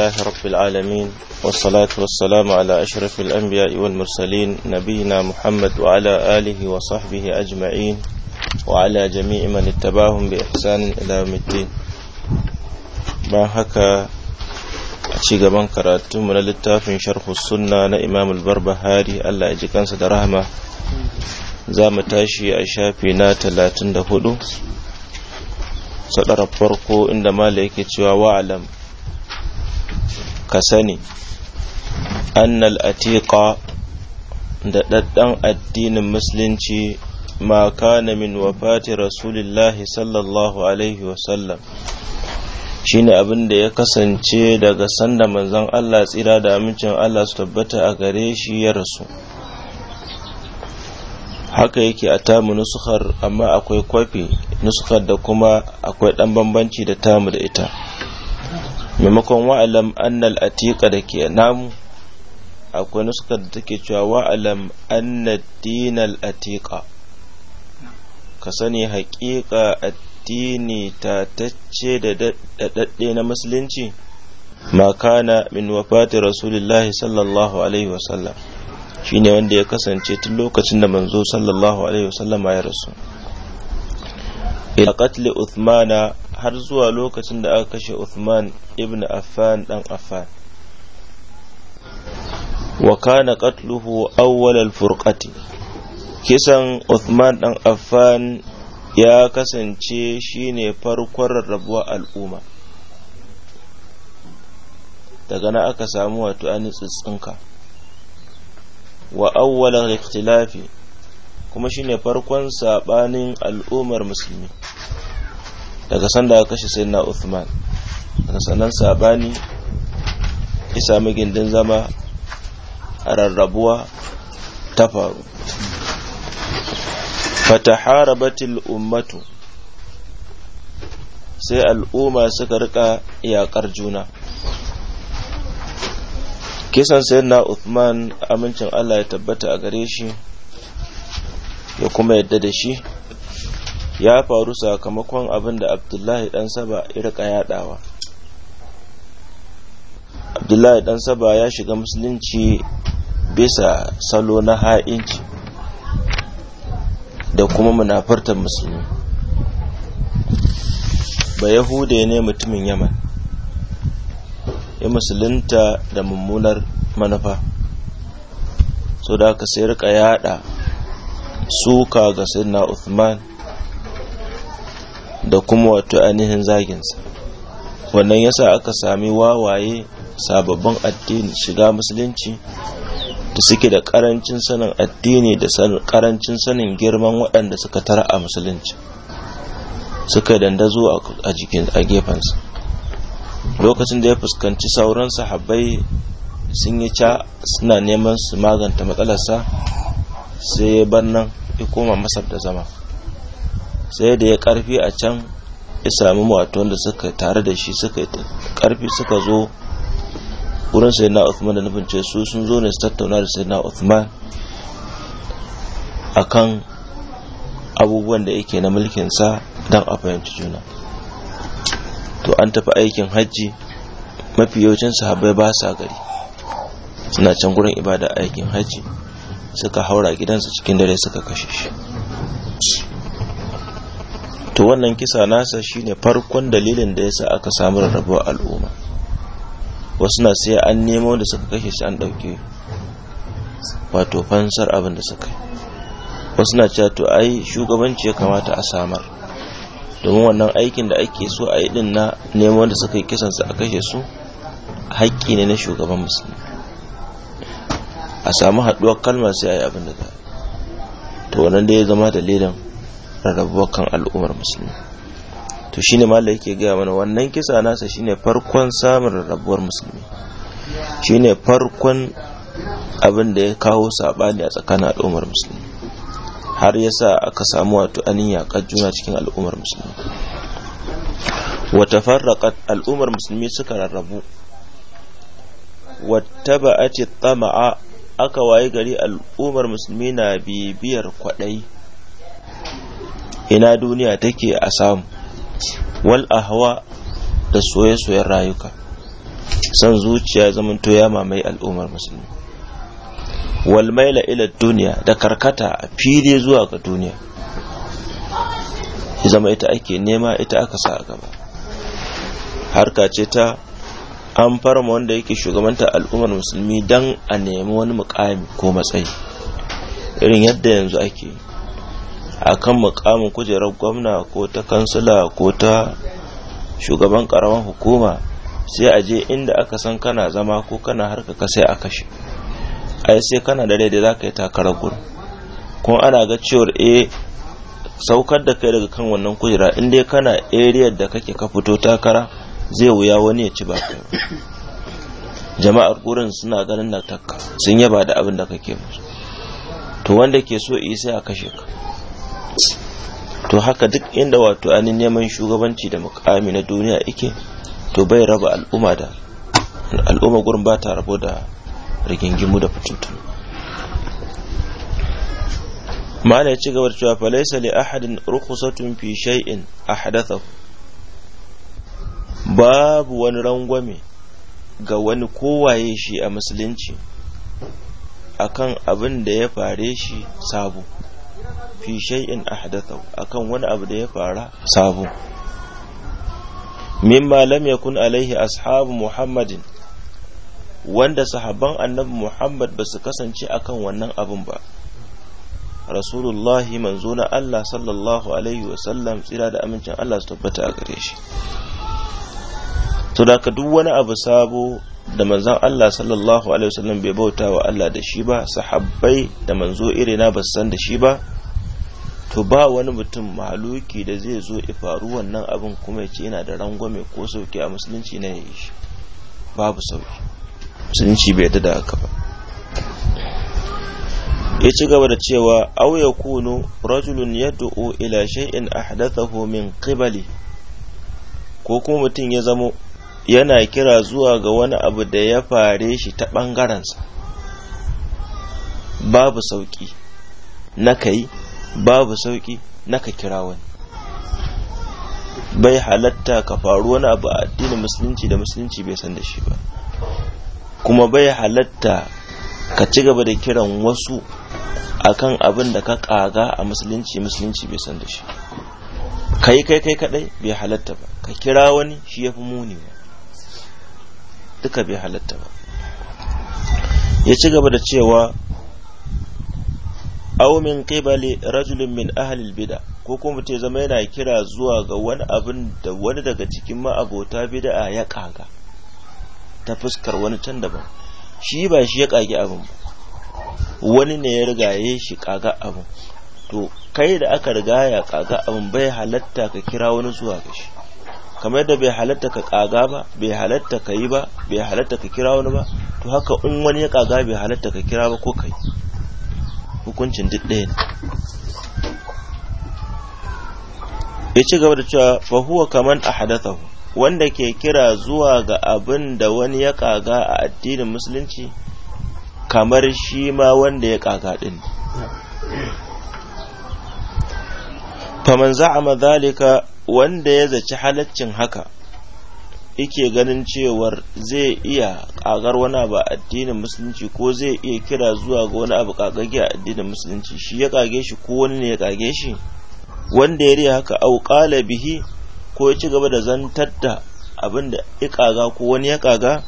لله رب العالمين والصلاة والسلام على أشرف الأنبياء والمرسلين نبينا محمد وعلى آله وصحبه أجمعين وعلى جميع من اتبعهم بإحسان إلى يوم الدين ما هكا أشيغ من قرأتم من للتاف شرح السنة إمام البربهاري ألا أجي كان رحمة زامتاشي أشافينا تلاتن دهدو صدر فرقو إنما ليكي تشوى وعلم ka sani annal atiqa da ɗaɗɗan addinin musulunci ma kana min wafati rasulillahi sallallahu alaihi wasallam ne abin da ya kasance daga sanda manzon Allah tsira da amincin Allah su tabbata a gare shi ya rasu haka yake a tamu nusukar amma akwai kwafi nusukar da kuma akwai ɗan bambanci da tamu da ita maimakon wa'alam annal atiƙa da ke namu akwai nuskar da take cewa wa'alam annad dinal atiƙa ka sani haƙiƙa addini tatacce da daɗaɗɗe na musulunci ma kana min wafati rasulillahi sallallahu alaihi wasallam shine wanda ya kasance tun lokacin da manzo sallallahu alaihi wasallam ya rasu ila qatli uthmana har zuwa lokacin da aka kashe Uthman ibn Affan dan Affan wa kana qatluhu awwal al-furqati kisan Uthman dan Affan ya kasance shine farkon rabuwar al'umma daga na aka samu wato ani tsitsinka wa awwal al-ikhtilafi kuma shine farkon sabanin al'ummar musulmi daga sanda ya kashe na Uthman daga sannan sabani ya sami gindin zama a rarrabuwa ta faru fataharabatil ummatu sai al'umma suka rika yakar juna kisan sai na Uthman amincin Allah ya tabbata a gare shi ya kuma yadda da shi ya faru sakamakon abin da abdullahi dan saba irka yadawa abdullahi dan saba ya shiga musulunci bisa salo na ha'inci da kuma munafartar musulmi ba yahude ne mutumin yaman ya musulunta da mummunar manufa so da aka sai rika yada suka ga sinna Uthman da kuma wato ainihin zaginsa wannan yasa aka sami wawaye sababbin addini shiga musulunci da suke da karancin sanin addini da karancin sanin girman waɗanda suka tara a musulunci suka dandazo a jikin a gefensa lokacin da ya fuskanci sauran sahabbai sun yi ca suna neman su maganta matsalarsa sai ya bar nan ya koma masar da zama sai da ya karfi a can ya sami wato da suka tare da shi suka karfi suka zo wurin na Uthman da nufin ce su sun zo ne su tattauna da na Uthman akan abubuwan da yake na mulkinsa don a fahimci juna to an tafi aikin hajji mafi yawancin sahabbai ba sa gari suna can gurin ibada aikin hajji suka haura gidansa cikin dare suka kashe shi to wannan kisa nasa shine farkon dalilin da yasa aka samu rarrabuwar al'umma wasu na sai an nemo da suka kashe shi an ɗauke wato fansar abin da suka yi wasu na cewa to ai shugabanci ya kamata a samar domin wannan aikin da ake so a yi din na nemo da suka yi kisan su a kashe su haƙƙi ne na shugaban musulmi a samu haɗuwar kalmar sai a yi abin da ta to wannan da ya zama dalilin rarrabuwar kan al'ummar musulmi to shine malai yake gaya mana wannan kisa nasa shine farkon samun rarrabuwar musulmi shine farkon abin da ya kawo sabani a tsakanin al'ummar musulmi har yasa aka samu wato anin yakar juna cikin al'ummar musulmi wata farraƙat al'ummar musulmi suka rarrabu wata ce tama'a aka waye gari al'ummar musulmi na bibiyar kwaɗayi ina duniya take a samu wal ahwa da soye-soyen rayuka san zuciya zamanto ya mamaye al'ummar musulmi wal maila ila duniya da karkata a fili zuwa ga duniya zama ita ake nema ita aka sa a gaba harka ce ta an farma wanda yake shugabanta al'ummar musulmi don a nemi wani mukami ko matsayi irin yadda yanzu ake yi akan mukamin kujerar gwamna ko ta kansila ko ta shugaban karawan hukuma sai a je inda aka san kana zama ko kana harka ka sai a kashe ai sai kana da daidai da za ka yi takarar gudu kuma ana ga cewar e saukar da kai daga kan wannan kujera inda dai kana ariyar da kake ka fito takara zai wuya wani ya ci ba jama'ar gurin suna ganin na takka sun yaba da abin da kake musu to wanda ke so isa a kashe ka to haka duk inda wato anin neman shugabanci da mukami na duniya ike to bai raba al'umma da al'umma gurin ba ta rabo da rigingimu da fitintun mala ya ci gaba da cewa falaisa li ahadin rukhsatun fi shay'in babu wani rangwame ga wani kowaye shi a musulunci akan abin da ya fare shi sabo fi shay'in ahdathahu akan wani abu da ya fara sabo mimma lam yakun alaihi ashabu muhammadin wanda sahabban annabi muhammad ba su kasance akan wannan abun ba rasulullahi manzo na allah sallallahu alaihi wa sallam tsira da amincin allah su tabbata a gare shi to da duk wani abu sabo da manzon Allah sallallahu alaihi wasallam bai bauta wa Allah da shi ba sahabbai da manzo na ba san da shi ba to ba wani mutum mahaluki da zai zo ya faru wannan abin kuma ya ce yana da rangwame ko sauki a musulunci na yayi shi babu sauki musulunci bai yadda da haka ba ya ci gaba da cewa aw yakunu rajulun yad'u ila shay'in ahdathahu min qibali ko kuma mutum ya zamo yana kira zuwa ga wani abu da ya fare shi ta ɓangarensa babu sauƙi na kai babu sauƙi na ka kira wani bai halatta ka faru wani abu a addinin musulunci da musulunci bai san da shi ba kuma bai halatta ka ci gaba da kiran wasu akan abin da ka kaga a musulunci musulunci bai san da shi kai kai kai kadai bai halatta ba ka kira wani shi ya fi muni ba duka bai halatta ba ya ci gaba da cewa aw min qibali rajulin min ahli bid'a ko kuma mutai zama yana kira zuwa ga wani abin da wani daga cikin ma'abota bid'a ya kaga ta fuskar wani can daban shi ba shi ya kage abin ba wani ne ya rigaye shi kaga abin to kai da aka riga ya kaga abin bai halatta ka kira wani zuwa ga shi kamar yadda bai halatta ka kaga ba bai halatta ka yi ba bai halatta ka kira wani ba to haka in wani ya kaga bai halatta ka kira ba ko kai hukuncin duk ɗaya ne ya ci gaba da cewa fahuwa kamar a ahdathahu wanda ke kira zuwa ga abin da wani ya kaga a addinin musulunci kamar shi ma wanda ya kaga din faman za'ama dhalika wanda ya zaci halaccin haka yake ganin cewar zai iya kagar wani abu a addinin musulunci ko zai iya kira zuwa ga wani abu kagage a addinin musulunci shi ya kage shi ko wani ne ya kage shi wanda ya riya haka au kala bihi ko ya ci gaba da zantar da abin da ya kaga ko wani ya kaga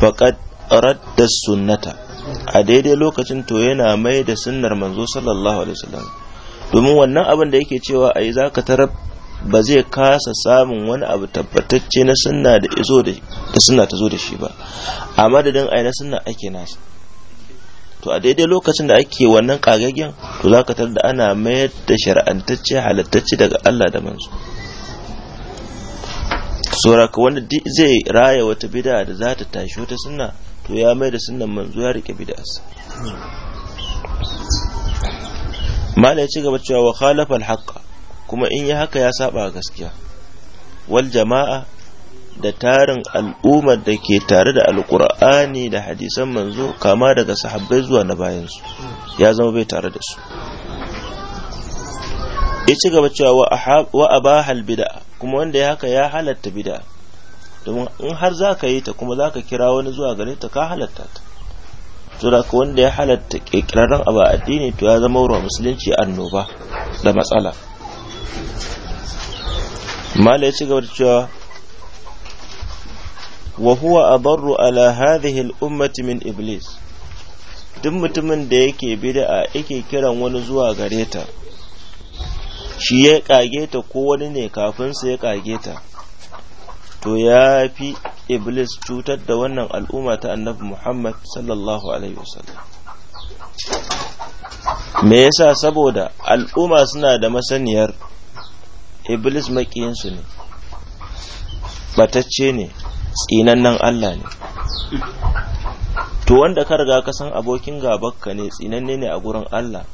faqad radda sunnata a daidai lokacin to yana mai da sunnar manzo sallallahu alaihi wasallam domin wannan abin da yake cewa a yi za ka tarar ba zai kasa samun wani abu tabbatacce na sunna da izo da sunna ta zo da shi ba a madadin ai na sunna ake nasa to a daidai lokacin da ake wannan kagagen to za ka da ana mayar da shari'antacce halittacce daga Allah da manzo sauraka wanda zai raya wata bida da za ta tashi wata sunna to ya mai da sunnan manzo ya rike bid'arsa mala ya ci gaba cewa wa khalafa kuma in yi haka ya saba gaskiya wal jama'a da tarin al'ummar da ke tare da alkur'ani da hadisan manzo kama daga sahabbai zuwa na bayansu ya zama bai tare da su ya ci gaba cewa wa abaha bid'a kuma wanda ya haka ya halatta bid'a domin in har zaka yi ta kuma zaka kira wani zuwa gare ta ka halatta ta to da wanda ya halatta kirkirarren abu a addini to ya zama wa musulunci annoba da matsala mala ya ci gaba da cewa wa huwa adarru ala hadhihi al min iblis duk mutumin da yake bid'a a yake kiran wani zuwa gare ta shi ya kage ta ko wani ne kafin sa ya kage ta to ya fi iblis cutar da wannan al'umma ta annabi muhammad sallallahu alaihi wasallam me yasa saboda al'umma suna da masaniyar iblis maƙiyinsu ne batacce ne tsinannen allah ne to wanda ka riga ka san abokin gabanka ne tsinanne ne a gurin allah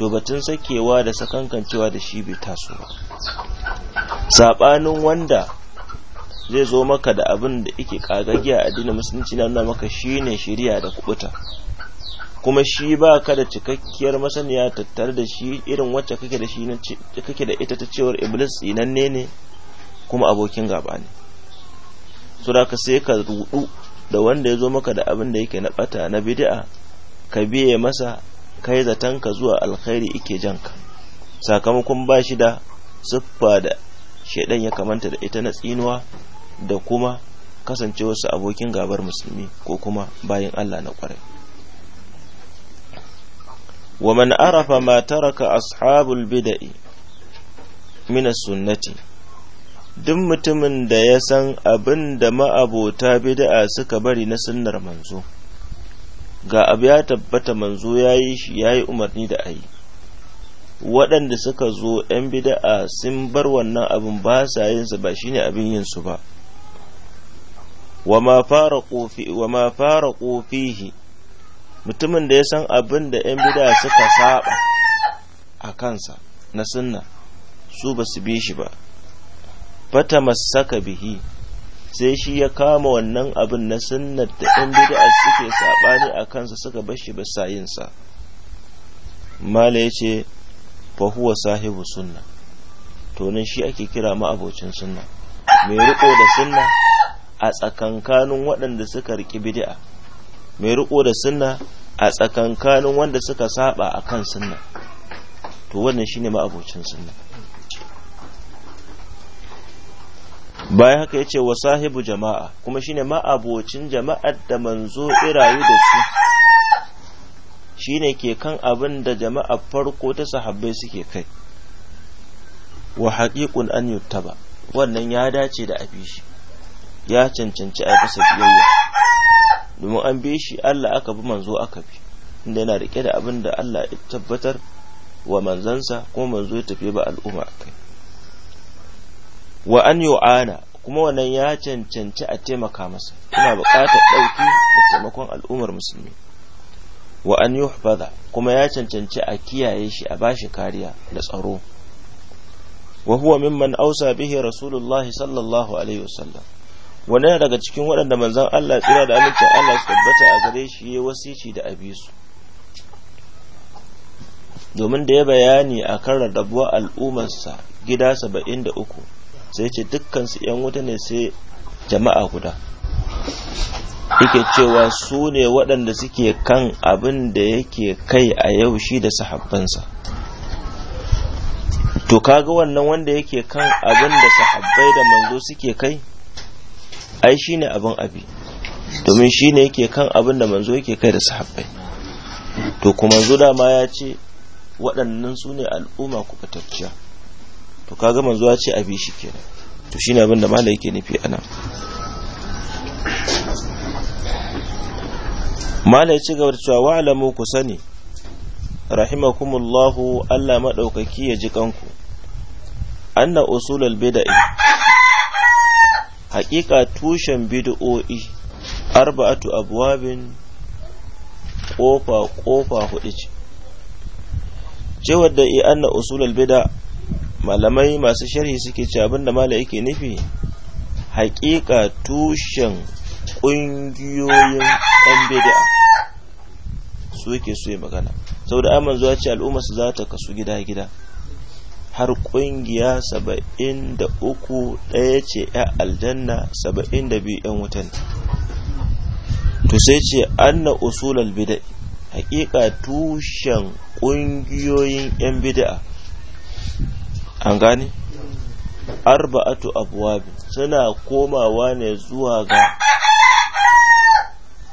to batun sakewa da sakankancewa da shi bai taso ba saɓanin wanda zai zo maka da abin da yake kagagiya a addinin musulunci na nuna maka shine shirya da kubuta kuma shi ba ka da cikakkiyar masaniya tattare da shi irin wacce kake da shi kake da ita ta cewar iblis tsinanne ne kuma abokin gaba ne so da ka sai ka rudu da wanda ya zo maka da abin da yake na bata na bid'a ka biye masa kai zaton ka zuwa alkhairi ike janka sakamakon ba shi da siffa da shaidan ya kamanta da ita na tsinuwa da kuma kasance wasu abokin gabar musulmi ko kuma bayan Allah na kwarai wa man arafa ma taraka ashabul bida'i. min sunnati duk mutumin da ya san abin da ma'abota bida'a suka bari na sunnar manzo ga abu ya tabbata manzo yayi shi yayi umarni da ayi waɗanda suka zo 'yan bida'a sun bar wannan abin ba sa yin su ba shine abin yin su ba wa ma fara fihi mutumin da ya san abin da 'yan bida suka saba a kansa na sunna su ba su bi shi ba fata masaka bihi sai shi ya kama wannan abin na sunna da 'yan bida suke saɓani a kansa suka bar shi ba sa mala ya ce fahuwa sahibu sunna to nan shi ake kira ma abocin sunna mai riko da sunna a tsakankanin waɗanda suka riki bid'a mai riƙo da sunna a tsakankanin wanda suka saba a kan sunna to wannan shine ma'abocin sunna bayan haka yace wa sahibu jama'a kuma shine ma'abocin jama'ar da manzo irayu da su shine ke kan abin da jama'ar farko ta sahabbai suke kai wa haqiqun an yuttaba wannan ya dace da abishi shi ya cancanci a masa biyayya domin an bi shi Allah aka bi manzo aka bi inda yana rike da abin da Allah ya tabbatar wa manzansa kuma manzo ya tafi ba al'umma kai wa an yu'ana kuma wannan ya cancanci a taimaka masa ina buƙatar ɗauki da taimakon al'ummar musulmi wa an yuhfaza kuma ya cancanci a kiyaye shi a bashi kariya da tsaro wa huwa mimman ausa bihi rasulullahi sallallahu alaihi wasallam wani yana daga cikin waɗanda manzan Allah tsira da amincin Allah su tabbata a gare shi ya wasici da abi su domin da ya bayani a kan rarrabuwar al'ummarsa gida saba'in da uku sai ce dukkan su ‘yan wuta ne sai jama'a guda yake cewa su ne waɗanda suke kan abin da yake kai a yau shi da sahabbansa to kaga wannan wanda yake kan abin da sahabbai da manzo suke kai ai shi ne abin abi domin shi ne yake kan abin da manzo yake kai da sahabbai to kuma manzo ma ya ce waɗannan su ne al'umma kubatacciya to kaga manzo ya ce abi shi kenan to shi ne abin da malai yake nufi ana malai ci gaba da cewa wa'lamu ku sani rahimakumullahu Allah madaukaki ya ji kanku anna usulul bid'ah haƙiƙa tushen bid'o'i arba'atu abwabin ƙofa ƙofa hudu ce cewar da anna usulul bida malamai masu sharhi suke ci abinda mala yake nufi haƙiƙa tushen ƙungiyoyin 'yan bida su yake magana saboda aman zuwa ce al'umma su za ta kasu gida-gida har ƙungiya saba'in da uku ɗaya ce ya aljanna saba'in da biyu yan wutan to sai ce anna usulal bid'a hakika tushen ƙungiyoyin yan bid'a an gane arba'atu abwab suna komawa ne zuwa ga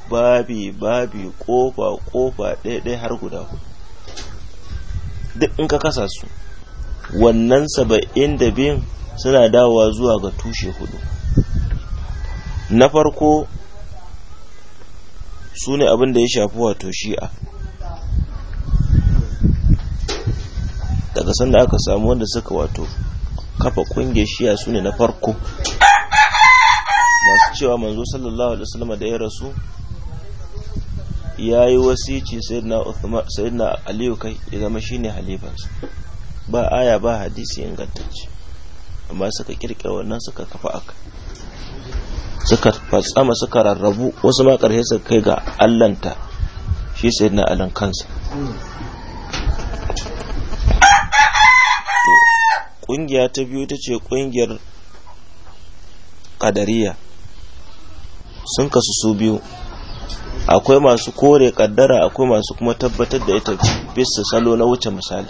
babi babi kofa kofa ɗaya ɗaya har guda hudu duk in ka kasa su wannan saba'in da biyun suna dawowa zuwa ga tushe hudu na farko su ne abin da ya shafi wato shi'a daga sanda aka samu wanda suka wato kafa kungiyar shi'a su ne na farko masu cewa manzo sallallahu alaihi wasallam da ya rasu ya yi wasici na aliyu kai ya zama shine halifansu ba aya ba hadisi ingantacce amma suka kirkira wannan suka kafa aka suka fatsama suka rarrabu wasu ma ƙarshe suka kai ga allanta shi sai na alin kansa ƙungiya ta biyu ta ce ƙungiyar ƙadariya sun kasu su biyu akwai masu kore ƙaddara akwai masu kuma tabbatar da ita bisa salo na wuce misali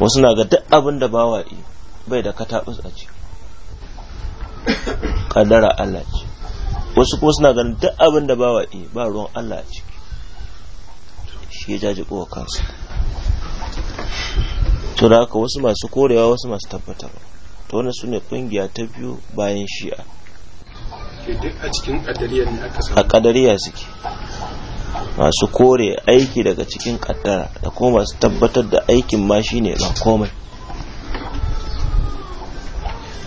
wasu na ga duk abin da ba wa bai da kataɓus a ce Kadara Allah ce wasu kuma suna ganin duk abin da ba wa ba ruwan Allah a ciki shi ya jaji kowa kansa to da haka wasu masu korewa wasu masu tabbatarwa to wani su ne kungiya ta biyu bayan shi'a a kadariya suke masu kore aiki daga cikin kaddara da kuma masu tabbatar da aikin ma shi ne ba komai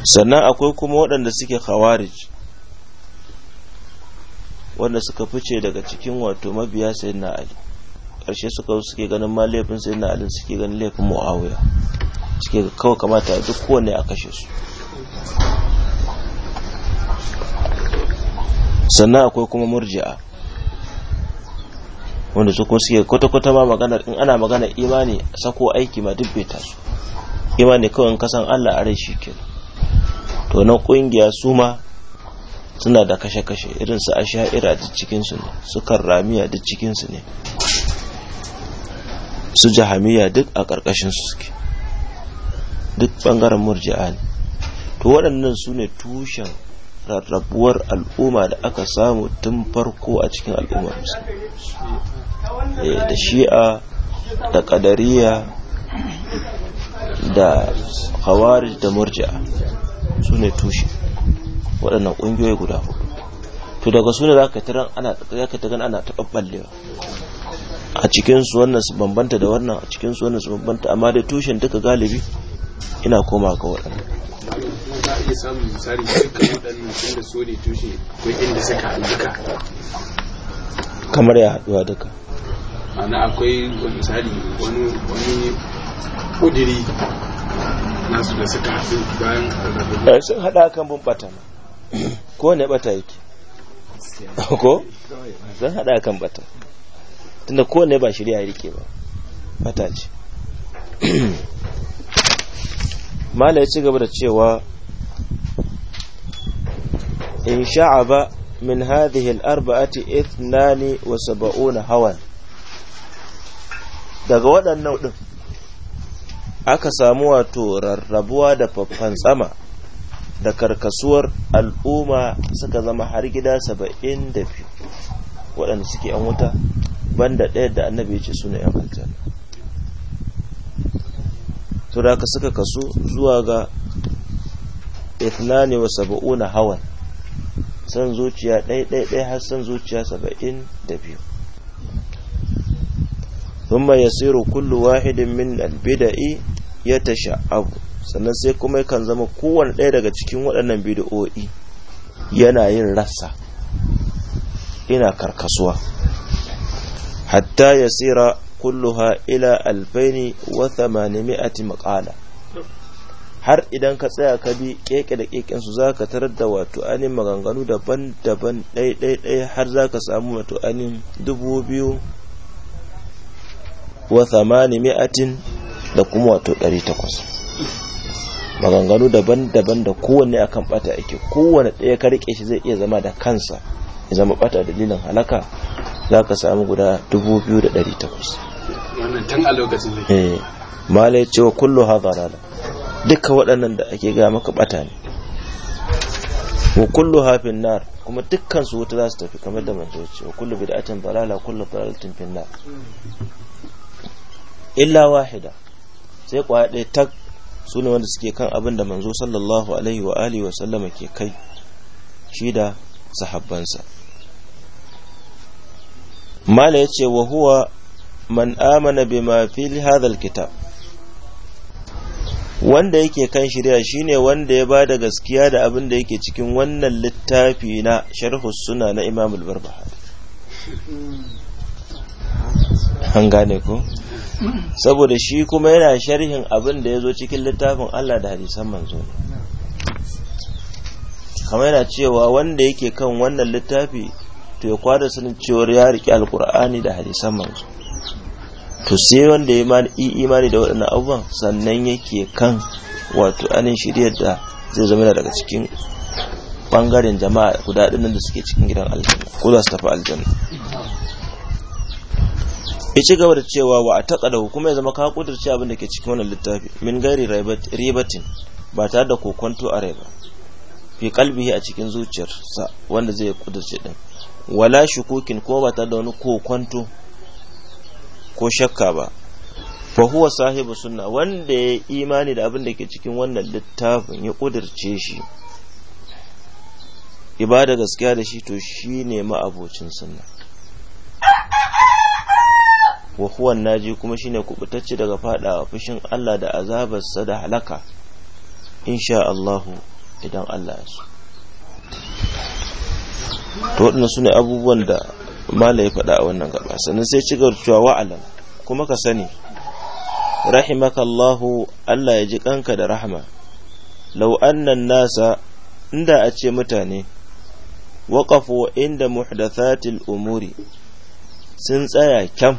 sannan akwai kuma waɗanda suke khawarij wanda suka fice daga cikin wato mabiya sai na ali ƙarshe suka suke ganin ma laifin sai na ali suke ganin laifin mu'awiya suke kawai kamata duk kowane a kashe su sannan akwai kuma murji'a wanda su kuma suke kwata-kwata ma magana in ana magana imani sako aiki ma duk bai taso imani kawai in kasan Allah a rai shi ke to na kungiya su ma suna da kashe-kashe irin su a asha'ira duk cikin su ne su ramiya duk cikin ne su jahamiya duk a ƙarƙashin su suke duk bangaren murji'a ne to waɗannan su ne tushen rarrabuwar al'umma da aka samu tun farko a cikin al'ummar musulmi eh, da shi'a da kadariya da khawarij da murja su ne tushe waɗannan ƙungiyoyi guda hudu to daga su ne za ka ta gan ana taɓa ɓallewa a cikinsu wannan su bambanta da wannan a cikinsu wannan su bambanta amma dai tushen duka galibi ina koma ga waɗanda kamar ya haɗuwa duka ana akwai misali wani ƙudiri nasu da suka haɗu bayan ƙarfafa eh, sun haɗa kan bin bata ma ko ne bata yake ko sun haɗa kan bata tunda ko ne ba shirya ya rike ba bata ce mala ya ci gaba da cewa in sha'aba min hadhihi al-arba'ati ithnani wa sab'una hawan daga waɗannan din aka samu wato rarrabuwa da faffan tsama da karkasuwar al'umma suka zama har gida 72 waɗanda suke yan wuta banda ɗaya da annabi ya ce suna yan aljanna to da ka suka kaso zuwa ga itnani' wa saba'una hawan san zuciya dai dai dai har san zuciya saba'in da biyu yasiru kullu wahidin min albida'i ya tasha'abu sannan sai kuma kan zama kowane ɗaya daga cikin waɗannan bid'o'i yana yin rassa ina karkasuwa hatta yasira kulluha ila alfaini wa thamanimi'ati har idan ka tsaya ka bi keke da keken su zaka tarar da wato anin maganganu daban-daban ɗai-ɗai har zaka samu wato anin dubu biyu wa thamanimi'atin da kuma wato ɗari takwas maganganu daban-daban da kowanne akan bata yake kowanne ɗaya ka riƙe shi zai iya zama da kansa ya zama bata dalilin halaka za ka samu guda da takwas. wannan tun a lokacin ne eh, malai cewa kullu duka waɗannan da ake ga maka bata ne wa kullu hafin nar kuma dukkan su wuta za su tafi kamar da manzo ce wa kullu bid'atin dalala kullu dalalatin fin nar illa wahida sai kwaya ɗaya tak su ne wanda suke kan abin da manzo sallallahu alaihi wa alihi wa sallama ke kai shi da sahabbansa mala ya ce wa huwa man amana bima fil hadhal kitab wanda yake kan shirya shine wanda ya bada gaskiya da abin da yake cikin wannan littafi na sharhu suna na Imam al-Barbahari an gane ko saboda shi kuma yana sharhin abin da yazo cikin littafin Allah da hadisan manzo ne kamar yana cewa wanda yake kan wannan littafi to ya kwada sanin cewar ya riki alkur'ani da hadisan manzo to sai wanda ya imani da waɗannan abubuwan sannan yake kan wato anin shirya da zai zama daga cikin bangaren jama'a guda ɗin da suke cikin gidan aljanna ko za su tafi aljanna ya ci gaba da cewa wa a taƙa da kuma ya zama ka kudurci abin da ke cikin wannan littafi min gari ribatin ba tare da kokonto a rai ba fi kalbi a cikin zuciyarsa wanda zai kudurci din wala shukukin ko ba tare da wani kokonto ko shakka ba fa huwa sahibu sunna wanda ya imani da abin da ke cikin wannan littafin ya kudirce shi ibada gaskiya da shi to shi ne ma'abocin sunna wa huwa naji kuma shine kubutacce daga fadawa fushin Allah da azabarsa da halaka insha Allah idan Allah ya so to waɗannan sune abubuwan da mala ya faɗa a wannan gaba sannan sai ci cewa wa'alam kuma ka sani rahimakallahu Allah ya ji kanka da rahama lau annan nasa inda a ce mutane waƙafu inda muhdathatil umuri sun tsaya kyam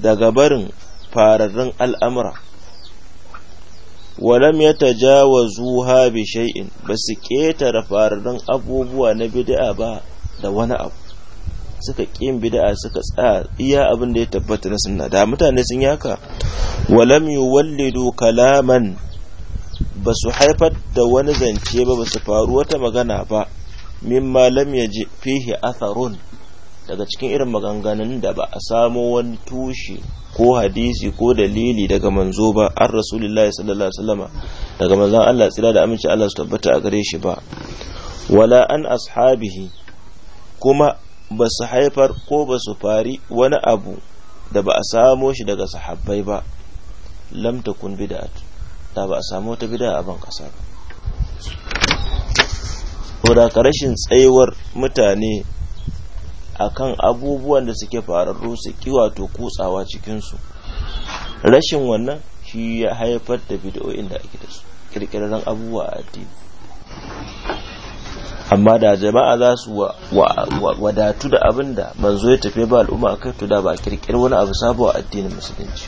daga barin fararrun al'amura walam ya tajawazu bi shay'in ba su ƙetare fararrun abubuwa na bid'a ba da wani abu suka ƙin bid'a suka tsaya iya abin da ya tabbata na sunna da mutane sun yaka walam yuwallidu kalaman ba su haifar da wani zance ba ba su faru wata magana ba mimma lam yaji fihi atharun daga cikin irin maganganun da ba a samo wani tushe ko hadisi ko dalili daga manzo ba an rasulullahi sallallahu alaihi wasallama daga manzon Allah tsira da aminci Allah su tabbata a gare shi ba wala an ashabihi kuma ba su haifar ko ba su fari wani abu da ba a samo shi daga sahabbai ba lamta kun bi da ba a samo ta bid'a a ban kasa ba saboda rashin tsayuwar mutane akan abubuwan da suke fararru su kiwato to kutsawa cikinsu rashin wannan shi ya haifar da bidiyo da ake da su kirkirarren abubuwa a addini amma da jama'a za su wadatu da abin da manzo ya tafi ba al'umma kai to da ba kirkir wani abu sabo a addinin musulunci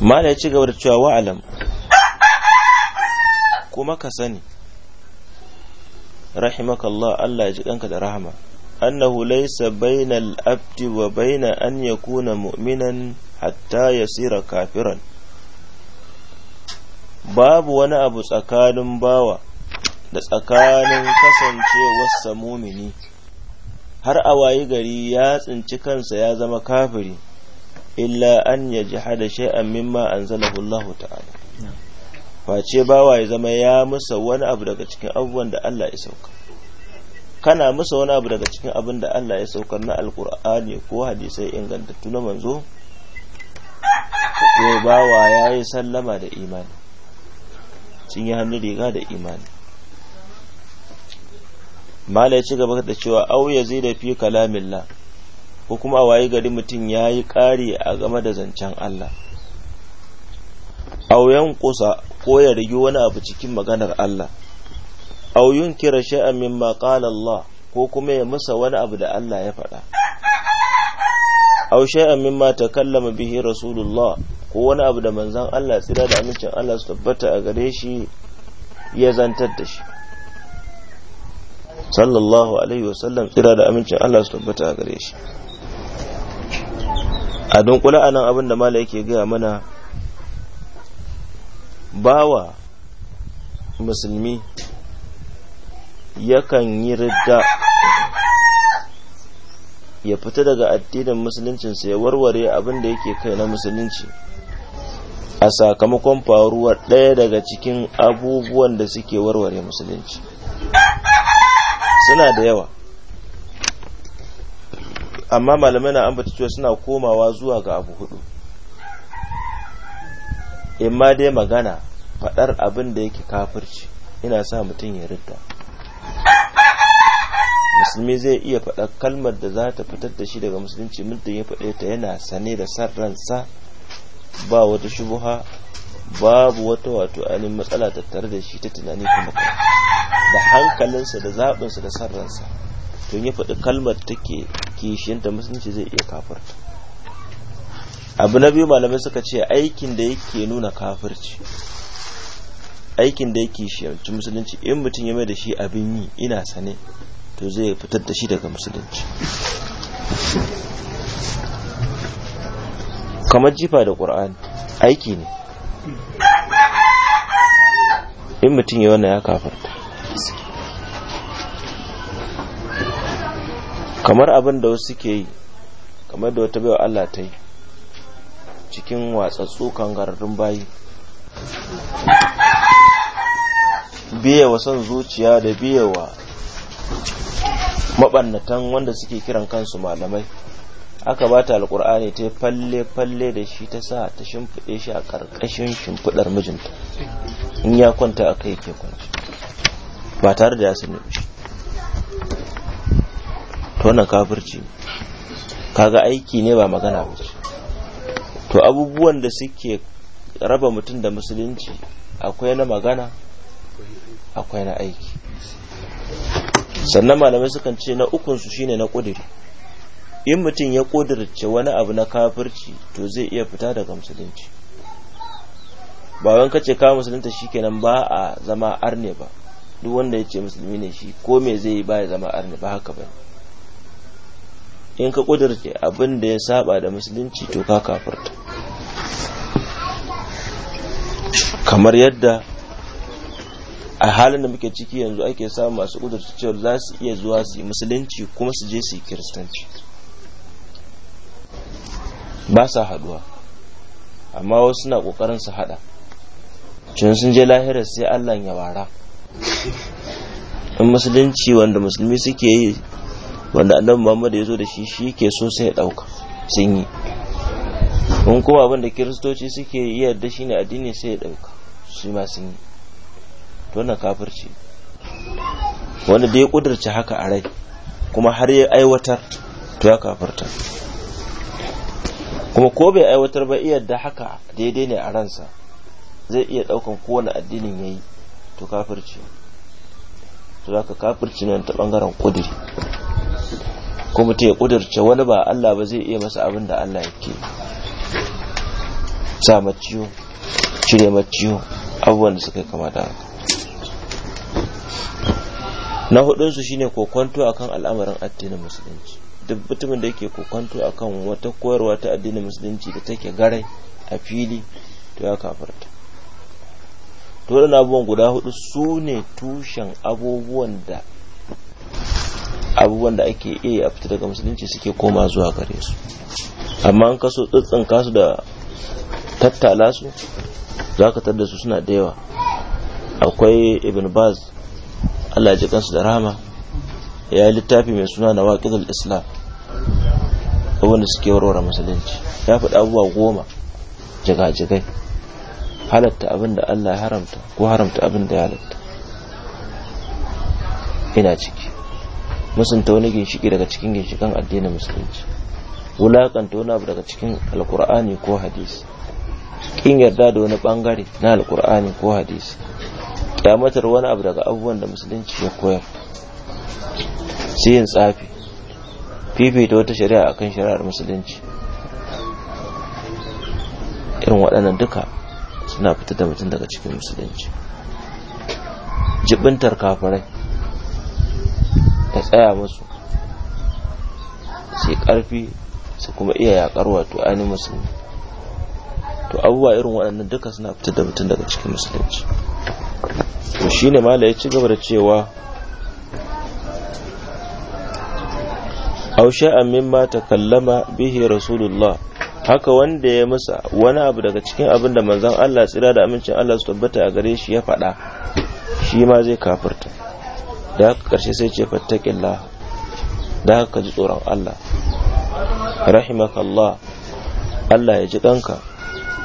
mala ya ci gaba da cewa wa'alam kuma ka sani rahimakallah Allah ya ji kanka da rahama annahu laysa bainal abdi wa baina an yakuna mu'minan hatta yasira kafiran babu wani abu tsakanin bawa da tsakanin kasancewarsa mumini har a wayi gari ya tsinci kansa ya zama kafiri illa an ya ji hada shay'an mimma anzalahu Allah ta'ala face bawa ya zama ya musa wani abu daga cikin abubuwan da Allah ya sauka kana musa wani abu daga cikin abin da Allah ya saukar na alkur'ani ko hadisai ingantattu na manzo ko bawa ya yi sallama da imani sun yi hannun riga da imani mala ya ci gaba da cewa au ya zai da fi la ko kuma wayi gari mutum ya yi ƙari a game da zancen Allah au kusa ko ya rigi wani abu cikin maganar Allah au yunkira shay'an mimma qala Allah ko kuma ya musa wani abu da Allah ya faɗa au ma ta kallama bihi rasulullah ko wani abu da manzan Allah tsira da amincin Allah su tabbata a gare shi ya zantar da shi sallallahu alaihi wasallam tsira da amincin Allah su tabbata a gare shi a dunkula a nan abin da mala yake gaya mana bawa musulmi yakan yi ridda ya fita daga addinin musuluncinsa ya warware abin da yake kai na musulunci a sakamakon faruwar ɗaya daga cikin abubuwan da suke warware musulunci suna da yawa amma malamai na an cewa suna komawa zuwa ga abu hudu ma dai magana faɗar abin da yake kafirci ina sa mutum ya ridda musulmi zai iya faɗa kalmar da za ta fitar da shi daga musulunci muddin ya faɗe ta yana sane da san ba wata shubuha babu wata wato ainihin matsala tattare da shi ta tunani kuma da hankalinsa da zaɓinsa da sarransa tun ya faɗi kalmar take kishiyanta musulunci zai iya kafirta abu na biyu malamai suka ce aikin da yake nuna kafirci aikin da yake shiyanci musulunci in mutum ya mai da shi abin yi ina sane to zai fitar da shi daga musulunci kamar jifa da kur'ani aiki ne in mutum ya wannan ya kafarta kamar abin da wasu ke yi kamar da wata baiwa Allah ta yi cikin watsatsu gararrun bayi wa son zuciya da biyewa maɓannatan wanda suke kiran kansu malamai aka ba ta alƙur'ani ta falle falle da shi ta sa ta shimfiɗe shi a ƙarƙashin shimfiɗar mijinta in ya kwanta a kai ke kwanci ba tare da ya sani shi to wannan kafirci kaga aiki ne ba magana ba to abubuwan da suke raba mutum da musulunci akwai na magana akwai na aiki sannan malamai sukan ce na ukunsu shine na ƙudiri in mutum ya ƙudurce wani abu na kafirci to zai iya fita daga musulunci ba wani kace ka musulunta shikenan ba a zama arne ba duk wanda ya ce musulmi ne shi ko me zai yi ba ya zama arne ba haka ba in ka ƙudurce abin da ya saba da musulunci to ka kafirta kamar yadda a halin da muke ciki yanzu ake samu masu ƙudurce cewa za su iya zuwa su yi musulunci kuma su je su yi kiristanci ba sa haduwa amma wasu suna kokarin su hada cin sun je lahira sai Allah ya wara in musulunci wanda musulmi suke yi wanda annabi Muhammad ya zo da shi shi ke so sai ya dauka sun yi in kuma abin da kiristoci suke yi shi shine addini sai ya dauka shi ma sun yi to wannan kafirci wanda da ya kudurce haka a rai kuma har ya aiwatar to ya kafirta kuma ko bai aiwatar ba iya da haka daidai ne a ransa zai iya daukan kowane addinin yayi to kafirci to zaka kafirci ne ta bangaren kudiri kuma te ya kudirce wani ba Allah ba zai iya masa abin da Allah yake sa maciyo cire maciyo abubuwan da suka yi kama na hudunsu shine kokonto akan al'amarin addinin musulunci duk mutumin da yake kokonto akan wata koyarwa ta addinin musulunci da take garai a fili to ya kafarta to waɗannan abubuwan guda hudu su ne tushen abubuwan da abubuwan da ake iya a fita daga musulunci suke koma zuwa gare su amma an kaso tsitsin kasu da tattala su za ka tar da su suna da yawa akwai ibn baz allah ji kansu da rama ya yi littafi mai suna na waƙidar islam wanda suke warware musulunci ya faɗi abubuwa goma jigajigai halatta abin da Allah ya haramta ko haramta abin da ya halatta ina ciki musunta wani ginshiki daga cikin ginshikan addinin musulunci Wulaƙanta wani abu daga cikin alkur'ani ko hadisi kin yarda da wani bangare na alkur'ani ko hadisi kyamatar wani abu daga abubuwan da musulunci ya koyar su yin tsafi fifita wata shari'a akan shari'ar musulunci irin waɗannan duka suna fitar da mutum daga cikin musulunci jibintar kafirai ta tsaya masu sai ƙarfi su kuma iya yaƙar wato ainihin musulmi to abubuwa irin waɗannan duka suna fitar da mutum daga cikin musulunci to shine da ya ci gaba da cewa aw shay'an mimma takallama bihi rasulullah haka wanda ya masa wani abu daga cikin abin da manzon Allah tsira da amincin Allah su tabbata a gare shi ya faɗa shi ma zai kafirta da haka karshe sai ce fattaqillah da haka ji tsoron Allah rahimakallah Allah ya ji danka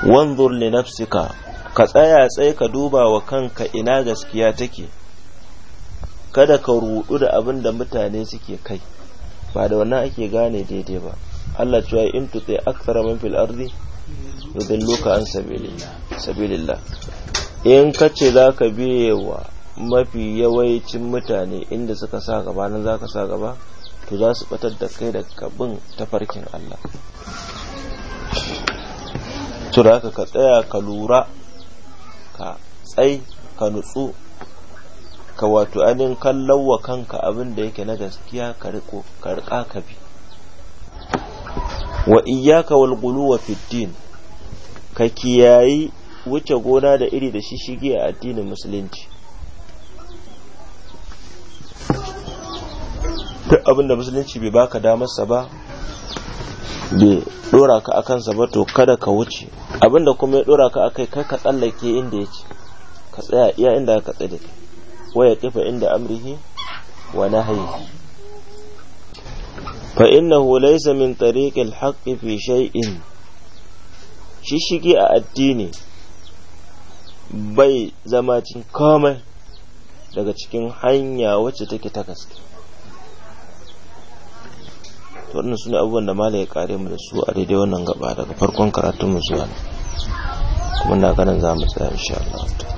wanzur li nafsika ka tsaya tsaye ka duba wa kanka ina gaskiya take kada ka rudu da abin da mutane suke kai ba da wannan ake gane daidai ba Allah cewa in tutsai aksara man fil ardi yudilluka an sabilillah in kace zaka biyewa mafi yawaicin mutane inda suka sa gaba nan zaka sa gaba to za su batar da kai da kabin tafarkin Allah to ka tsaya ka lura ka tsai ka nutsu ka wato anin kallon wa kanka abin da yake na gaskiya ka riƙa ka bi wa iyaka wal wa fiddin ka kiyayi wuce gona da iri da shishige a addinin musulunci duk abin da musulunci bai baka damarsa ba bai dora ka a kansa ba to kada ka wuce abin da kuma ya dora ka a kai kai ka tsallake inda ya ce ka tsaya iya inda ka tsaye da kai wa ya kifa inda amrihi wa nahyihi fa innahu laysa min tariqil haqqi fi shay'in shishigi a addini bai zama cin daga cikin hanya wacce take ta gaske to wannan sune abubuwan da malai ya kare mu da su a daidai wannan gaba daga farkon karatun mu zuwa kuma na ganin za mu tsaya insha Allah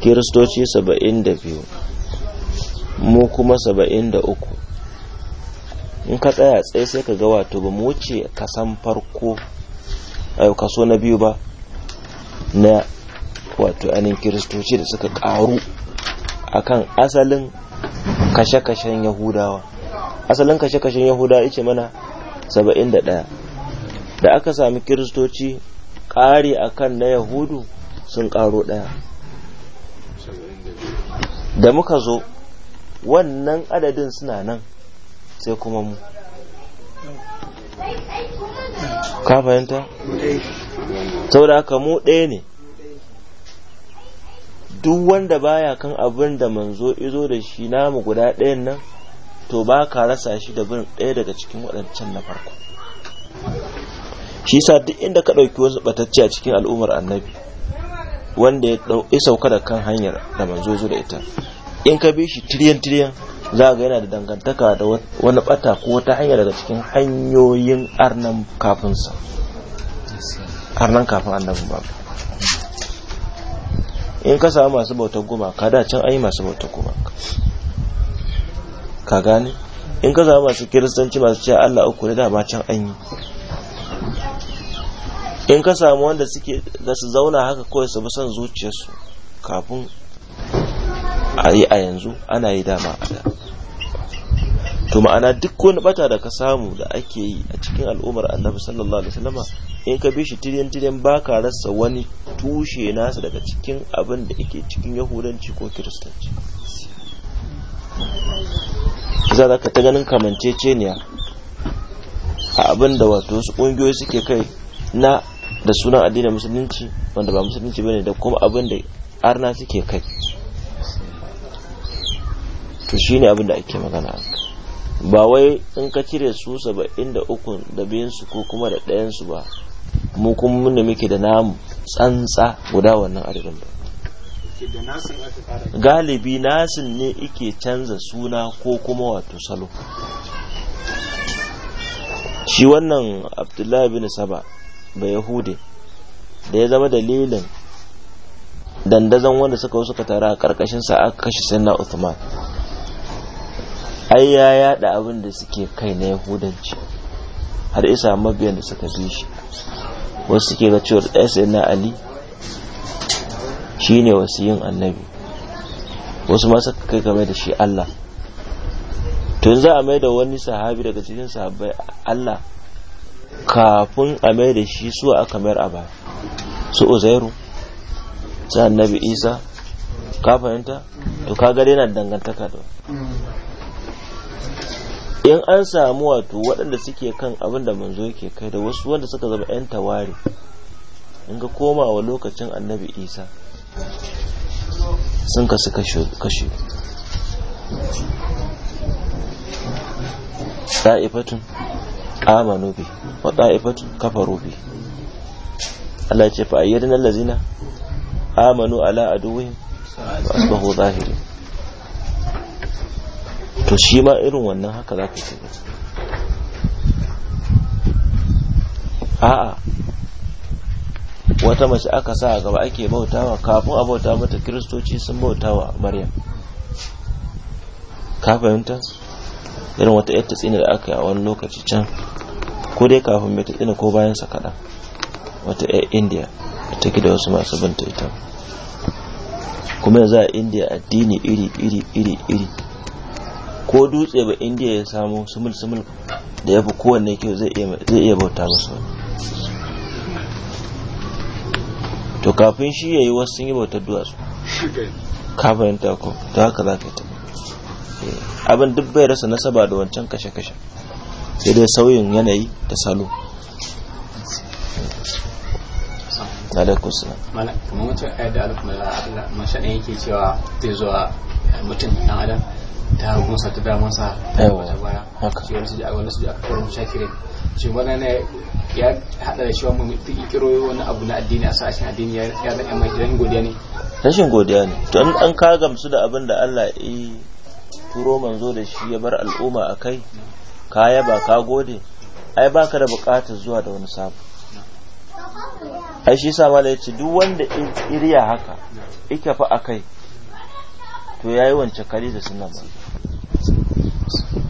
kiristoci saba'in da biyu mu kuma saba'in da uku in ka tsaya tsaye sai ka ga wato ba mu wuce kasan farko kaso na biyu ba na wato anin kiristoci da suka karu akan asalin kashe-kashen yahudawa asalin kashe-kashen yahudawa ice mana saba'in da ɗaya da aka sami kiristoci kare akan na yahudu sun karo ɗaya da muka zo wannan adadin suna nan sai kuma mu ka fahimta saboda haka mu ɗaya ne duk wanda baya kan abin da manzo izo da shi namu guda ɗayan nan to ba ka rasa shi da bin ɗaya daga cikin waɗancan na farko shi sa duk inda ka ɗauki wasu ɓatacce a cikin al'ummar annabi wanda ya sauka da kan hanyar da manzo zo da ita in ka bi shi tiriyan tiriyan za ga yana da dangantaka da wani bata ko wata hanya daga cikin hanyoyin arnan kafinsa arnan kafin annabi ba in ka samu masu bautar gumaka da can ayi masu bautar gumaka ka gane in ka samu masu kiristanci masu cewa Allah uku da ba can an yi in ka samu wanda suke da su zauna haka kawai su bi zuciyarsu kafin a yi a yanzu ana yi dama a da to ma'ana duk wani bata da ka samu da ake yi a cikin al'ummar annabi sallallahu alaihi wasallama in ka bi shi tiryan tiryan ba ka rasa wani tushe nasa daga cikin abin da yake cikin yahudanci ko kiristanci za ka ta ganin kamanceceniya a abin da wato wasu ƙungiyoyi suke kai na da sunan addinin musulunci wanda ba musulunci bane da kuma abin da arna suke kai to shine abin da ake magana ba wai in ka cire su 73 da ukun da ko kuma da su ba mu kuma mun da muke da namu tsantsa guda wannan adadin ba galibi nasin ne ike canza suna ko kuma wato salo shi wannan abdullahi bin saba ba yahude da ya zama dalilin dandazon wanda suka wasu suka tara a karkashin sa aka kashe sunna Uthman ai ya yada abin da suke kai na yahudanci har isa mabiyan da suka bi shi wasu suke ga cewar na ali shine yin annabi wasu ma suka kai game da shi Allah tun za a mai da wani sahabi daga cikin sahabbai Allah kafin a mai da shi su aka mayar a baya su uzairu sai annabi isa ka fahimta to ka gare na dangantaka da in an samu wato waɗanda suke kan abin da manzo yake kai da wasu wanda suka zama 'yan tawari in ga komawa lokacin annabi isa sun kasu kashe sa'ifatun amanu bi wa da'ifatu kafaru bi Allah ya ce fa ayyadna allazina amanu ala aduwwihim wa asbahu zahiri. to shi ma irin wannan haka za ka ce a'a wata mace aka sa a gaba ake bautawa kafin a bauta mata kiristoci sun bautawa maryam ka fahimta irin wata yadda tsina da aka yi a wani lokaci can ko dai kafin mai tsina ko bayan sa kaɗan wata yar indiya da take da wasu masu binta ita kuma yanzu a indiya addini iri iri iri iri ko dutse ba indiya ya samu sumul sumul da ya fi kowanne kyau zai iya bauta masa to kafin shi ya yi wasu sun yi bautar duwatsu kafin ta ko ta haka za ka yi ta abin duk bai rasa nasaba da wancan kashe-kashe sai dai sauyin yanayi da salo na da kusa mana kuma mutum ayar da alaikun Allah mashaɗin yake cewa zai zuwa mutum ɗan adam ta hagunsa ta damansa ta yi wata baya ce wani sujji a wani sujji a kakwar mushakirin ce wani ne ya haɗa da shiwa mai mu kiro wani abu na addini a sashen addini ya zan yamma gidan godiya ne rashin godiya ne to an ka gamsu da abin da Allah ya yi turo manzo da shi ya bar al'umma a kai ka yaba ka gode ai ba ka da bukatar zuwa da wani sabo ai shi sa mala yace duk wanda iriya haka ike fa akai to yayi wance kari da sunna ba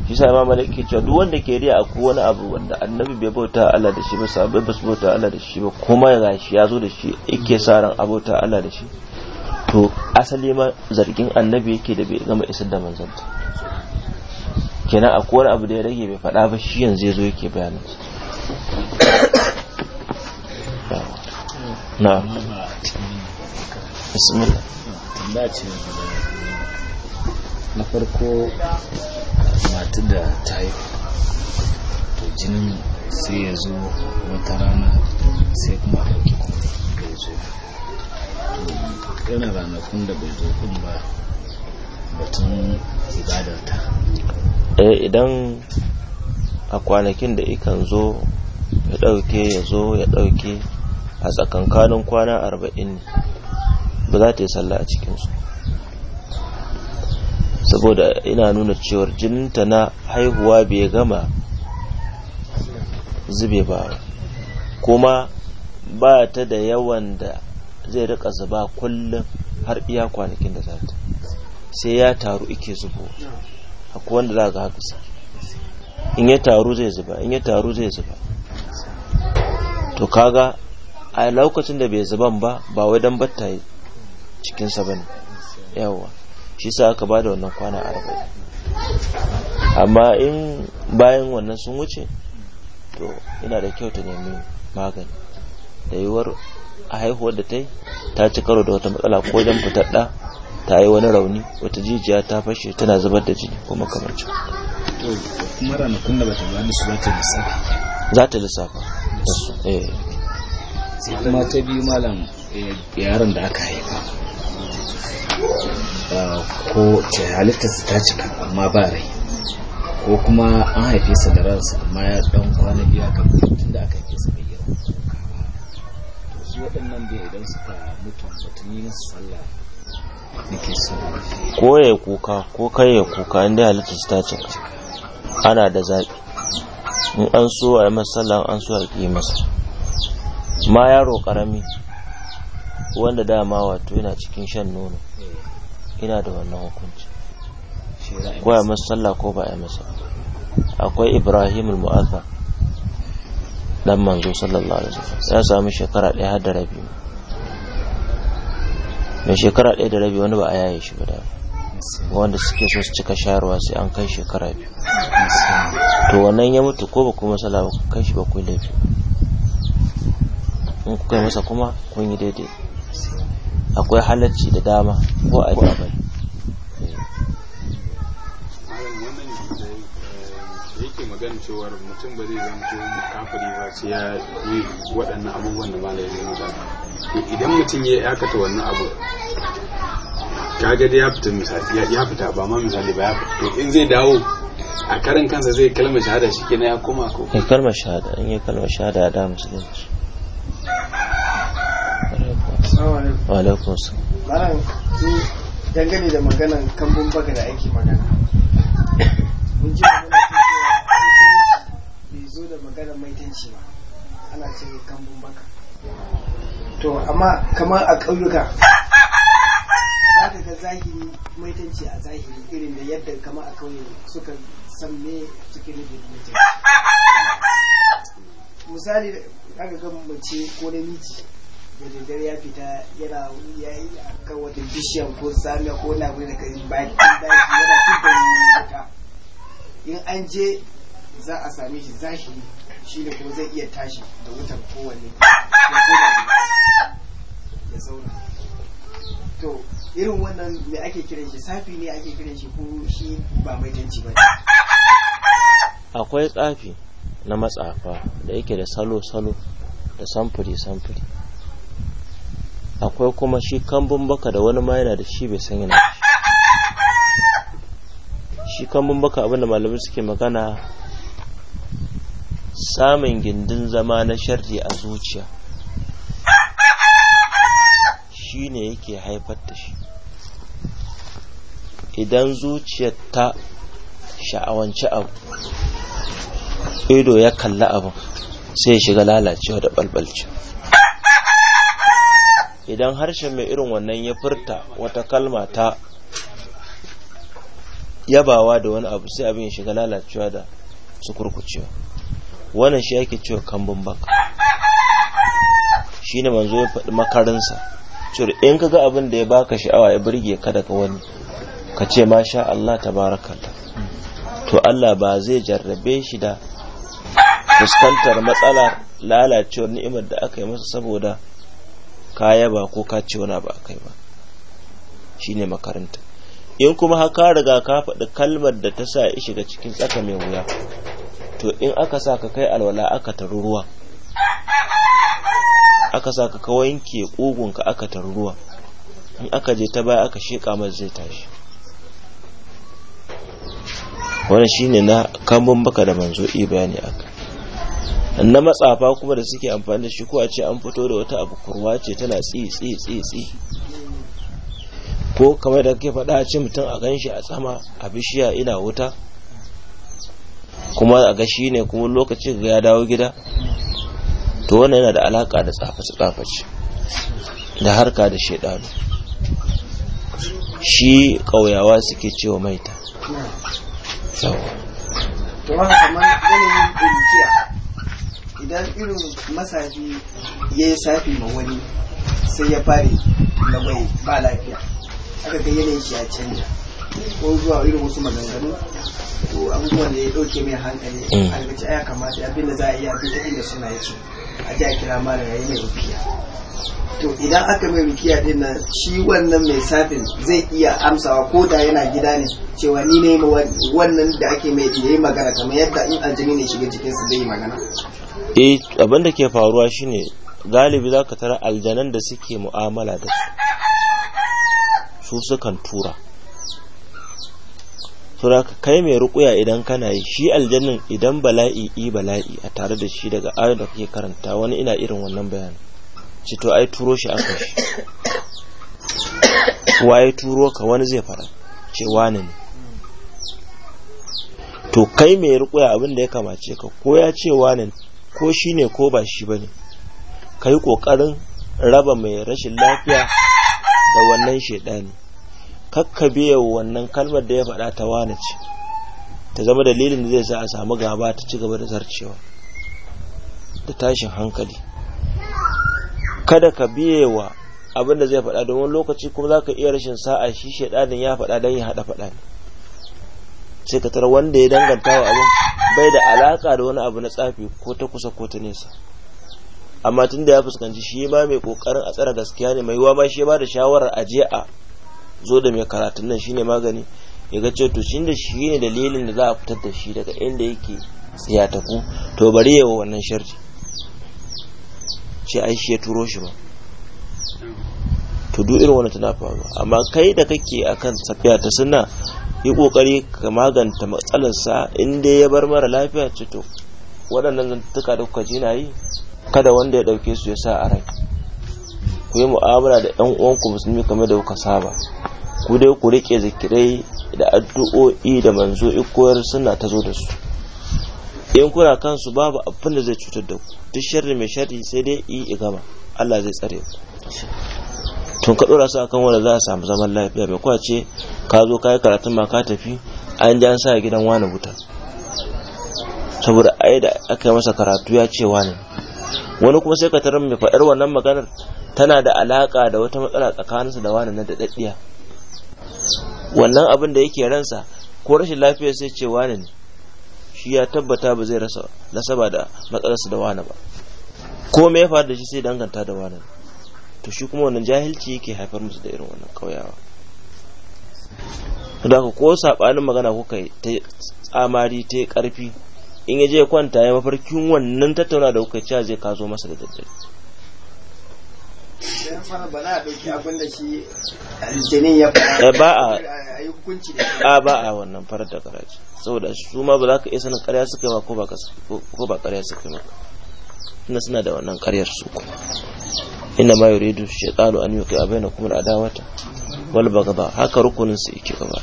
shi sa imam malik ke cewa duk wanda ke riya akwai wani abu wanda annabi bai bauta Allah da shi ba sahabbai ba su bauta Allah da shi ba kuma ya shi ya zo da shi yake sa ran abota Allah da shi to asali ma zargin annabi yake da bai gama isar da manzanta kenan a kowane abu da ya rage bai faɗa ba shi yanzu ya zo yake bayanin na na farko matu da ta haifu to jinin sai ya zo wata rana sai kuma ɗauki kuma ya zo yana ranakun da bai zo ba batun ibadarta eh idan a kwanakin da ikan zo ya ɗauke ya zo ya ɗauke a tsakankanin kwana arba'in ne ba za ta yi sallah a cikinsu saboda ina nuna cewar jininta na haihuwa bai gama zube ba kuma ba ta da yawan da zai rika zuba kullum har iya kwanakin da zata sai ya taru ike zubo akwai wanda za ga haka in ya taru zai zuba in ya taru zai zuba to kaga a lokacin da bai zuban ba ba wai dan batta cikinsa ba ne yawa shi sa aka ba da wannan kwana arba'in amma in bayan wannan sun wuce to ina da kyau ta nemi magani da yiwuwar a haihuwar da ta yi ta ci karo da wata matsala ko don fitar da ta yi wani rauni wata jijiya ta fashe tana zubar da jini ko makamancin kuma ranakun da bata bani su za ta lissafa za ta lissafa eh. sai kuma ta biyu malam eh, yaron da aka haifa ko ta su ta cika amma ba rai ko kuma an haife sa da ransa amma ya dan kwana biya kafin dai idan suka mutu mutum na su falla nake ko ya kuka ko kai ya kuka inda halittar ta cika ana da zaɓi in an so a yi masa sallah an so a ƙi masa ma yaro ƙarami wanda dama wato yana cikin shan nono ina da wannan hukunci ko a masa sallah ko ba a masa akwai ibrahim al-mu'azza dan manzo sallallahu alaihi wasallam ya sami shekara ɗaya har da rabi mai shekara ɗaya da rabi wani ba a yaye shi ba da wanda suke so su cika shayarwa sai an kai shekara biyu to wannan ya mutu ko ba kuma sala ba kai shi ba ku laifi in kuka yi masa kuma kun yi daidai akwai halarci da dama ko a yi gan cewar mutum ba zai zanto kafiri ba su ya yi waɗannan abubuwan da malai zai ba to idan mutum ya yakata wannan abu kaga dai ya fita misali ya fita ba ma misali ba ya fita to in zai dawo a karin kansa zai kalma shahada shi kenan ya koma ko ya kalma shahada in ya kalma shahada ya da musulunci wa alaikum salam dangane da maganan kambun baka da aiki magana mun ji magana zo da maganar maitanci ba ana ce kambun baka to amma kamar a ƙauyuka za ka ga zahiri maitanci a zahiri irin da yadda kama a ƙauye suka san me suke da maitanci misali aka ga mace ko namiji da daddare ya fita yana ya yi a kan wata bishiyan ko samiya ko na wani daga bayan daji yana yi wuta in an je za a same shi zahiri shi ne kuma zai iya tashi da wutar kowanne ya zauna to irin wannan me ake kiran shi safi ne ake kiran shi ko shi ba mai janci ba akwai tsafi na matsafa da yake da salo-salo da samfuri-samfuri akwai kuma shi kambun baka da wani ma yana da shi bai san yana shi kambun baka abinda malamai suke magana samun gindin zama na sharri a zuciya shi ne yake haifar da shi idan zuciyar ta sha'awanci abu ido ya kalli abin sai shiga lalacewa da balbalci idan harshen mai irin wannan ya furta wata kalma ta yabawa da wani abu sai abin ya shiga lalacewa da su kurkucewa wannan shi ake cewa kambun baka shi ne manzo ya faɗi makarinsa cewa in ka ga abin da ya baka sha'awa ya burge ka daga wani ka ce ma sha Allah ta tabarakallah to Allah ba zai jarrabe shi da fuskantar matsala lalacewar ni'imar da aka yi masa saboda ka yaba ko ka ce wani ba kai ba Shi ne makaranta in kuma haka riga ka faɗi kalmar da ta sa ya shiga cikin tsaka mai wuya to in aka sa ka kai alwala aka taru ruwa aka sa ka ka wanke ƙugunka aka taru ruwa in aka je ta baya aka sheƙa mai zai tashi wani shine na kambun baka da manzo iya bayani aka na matsafa kuma da suke amfani da shi ko a ce an fito da wata abu kurwa ce tana tsi tsi tsi tsi ko kamar da kake faɗa a ce mutum a ganshi a tsama a bishiya ina wuta kuma a ga shi ne kuma lokacin ya dawo gida to wannan yana da alaka da tsafaci-tsafaci da harka da shaidanu shi ƙauyawa suke cewa maita idan irin masaji ya yi safi ma wani sai ya fare labai ba lafiya aka ga yanayin shi ya canja ko zuwa irin wasu maganganu to abubuwan da ya dauke mai hankali mm. albaci ya kamata abin da za a iya abin da inda suna yake a a kira malam ya yi mai rukiya to idan aka mai rukiya din nan shi wannan mai safin zai iya amsawa ko da yana gida ne cewa ni ne wannan da ake mai yayi magana kamar yadda in aljini ne shiga jikinsa zai yi magana eh abin da ke faruwa shine galibi za ka tara aljanan da suke mu'amala da su su sukan tura suraka kai mai rukuya idan kana yi shi aljannin idan bala'i i bala'i a tare da shi daga ayon da kake karanta wani ina irin wannan bayan ci to ai turo shi aka shi waye turo ka wani zai fara ce wani ne to kai mai rukuya abin da ya kamace ka ko ya ce wani ko shi ne ko ba shi ba ne ka yi ƙoƙarin raba mai rashin lafiya da wannan shaidani kakkabe wannan kalmar da ya faɗa ta wane ce ta zama dalilin da zai sa a samu gaba ta ci gaba da zarcewa da tashin hankali kada ka biye wa abin da zai faɗa domin lokaci kuma za ka iya rashin sa'a shi shaidanin ya faɗa don ya haɗa faɗa ne sai ka tara wanda ya danganta wa abin bai da alaƙa da wani abu na tsafi ko ta kusa ko ta nesa amma tun da ya fuskanci shi ma mai ƙoƙarin a tsara gaskiya ne mai yiwuwa ma shi ba da shawarar ajiya a zo da mai karatun nan shine magani ya ga ce to shine shi ne dalilin da za a fitar da shi daga inda yake ya taku to bari yawa wannan sharti ce ai shi ya turo shi ba to duk irin wannan tana faruwa amma kai da kake akan tafiya ta sunna yi kokari ka maganta matsalar in dai ya bar mara lafiya ce to waɗannan zantuka da kuka ji na yi kada wanda ya ɗauke su ya sa a rai ku yi mu'amala da 'yan uwanku musulmi kamar da kuka saba ku dai ku rike zikirai da addu'o'i da manzo ikoyar suna ta zo da su in kuna kansu babu abin da zai cutar da ku duk sharri mai sharri sai dai yi gama Allah zai tsare ku tun ka dora su akan wanda za a samu zaman lafiya bai kwa ce ka zo ka yi karatun ma ka tafi an ji an sa gidan wani buta saboda ai da aka yi masa karatu ya ce wani wani kuma sai ka tarar mai faɗar wannan maganar tana da alaƙa da wata matsala tsakaninsa da wani na da daɗaɗɗiya wannan abin da yake ransa ko rashin lafiya sai ce wani ne shi ya tabbata ba zai rasa nasaba da matsalarsa da wani ba ko me ya faru da shi sai danganta da wane to shi kuma wannan jahilci yake haifar musu da irin wannan kauyawa da ku ko sabanin magana kuka yi ta tsamari ta karfi in ya je kwanta ya mafarkin wannan tattauna da kuka ci zai kazo masa da daddare Eh, ba a ba a wannan farar da karaci saboda su ma ba za ka iya sanin karya suka yi ko ba karya suka yi ina suna da wannan karyar su kuma ina ma yuridu shaytanu an yuqi'a bainakum al-adawata wal baghdha haka rukunin su yake gaba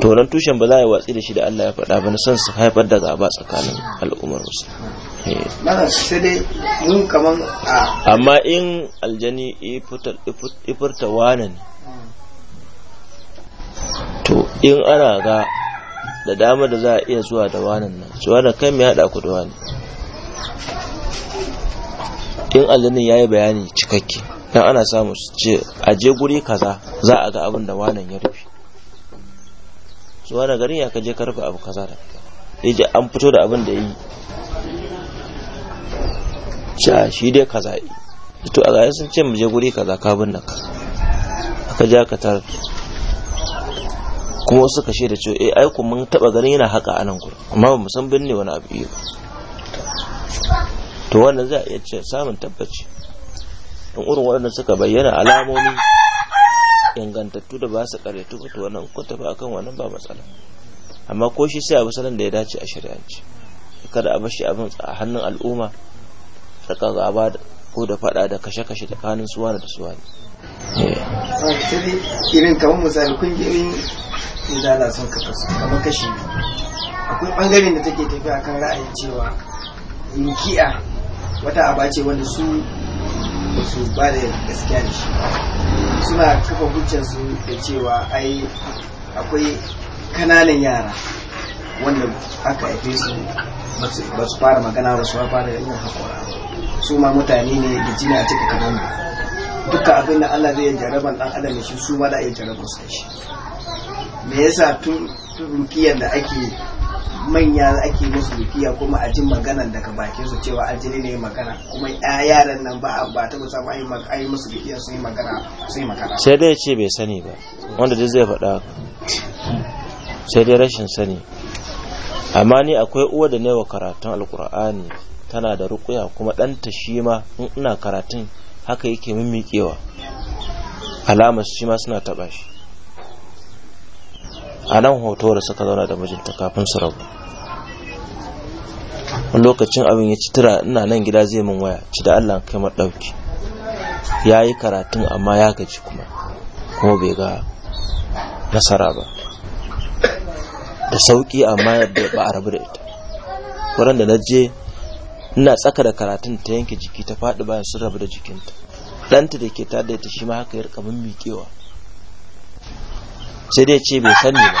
to nan tushen ba za a yi watsi da shi da Allah ya faɗa ba na son su haifar da gaba tsakanin al'ummar musu eh. amma in aljani ifurta wane ne to in ana ga da dama da za a iya zuwa da wanan nan su wani kai mai haɗa ku da wani in aljanin ya yi bayani cikakke dan ana samu su ce a je guri kaza za a ga abin da wannan ya rufe su wani garin ya kaje ka rufe abu kaza da ya je an fito da abin da yi sha shi dai kaza yi to a zai sun ce mu je guri kaza ka bin da kaza aka ja ka tar kuma wasu kashe da cewa eh aiku mun taba ganin yana haka anan gurin amma ba mu san binne wani abu ba to wannan za a iya ce samun tabbaci in irin waɗanda suka bayyana alamomi ingantattu da ba su karyatu to wannan ko tafi akan wannan ba matsala amma ko shi sai abu sanan da ya dace a shari'anci kada a bashi abin a hannun al'umma tsaka gaba ko da fada da kashe-kashe tsakanin suwa da suwa ne eh. irin kamar misali irin izala sun su kamar kashi akwai bangaren da take tafiya kan ra'ayin cewa inkiya wata abace wanda su ba su ba da gaskiya da shi suna kafa hujjarsu da cewa ai akwai kananan yara wanda aka haife su ba su fara magana ba su fara yin haƙora su ma mutane ne da jini a cika kanan ba duka abinda da Allah zai jaraban dan adam shi su ma da ai jarabar su shi me yasa tun rukiyar da ake manya ake musu bikiya kuma a jin magana daga bakin su cewa aljini ne magana kuma yaran nan ba ba ta musa ba ai musu bikiya su yi magana su yi magana sai dai ce bai sani ba wanda duk zai faɗa sai dai rashin sani amma ni akwai uwa da nawa karatun alkur'ani tana da rukuya kuma ɗanta shi ma in ina karatun haka yake mimmiƙewa alamar shi ma suna taɓa shi a nan hoto da suka zauna da mijinta kafin su rabu wani lokacin abin ya ci tura ina nan gida zai min waya ci da allah kai mar ɗauki ya yi karatun amma ya gaji kuma kuma bai ga nasara ba da sauƙi amma yadda ba a rabu da ita wurin da na je ina tsaka da karatun ta yanke jiki ta faɗi bayan sun rabu da jikinta ɗanta da ke tada ita shi ma haka yarka min miƙewa. sai dai ce bai sani ba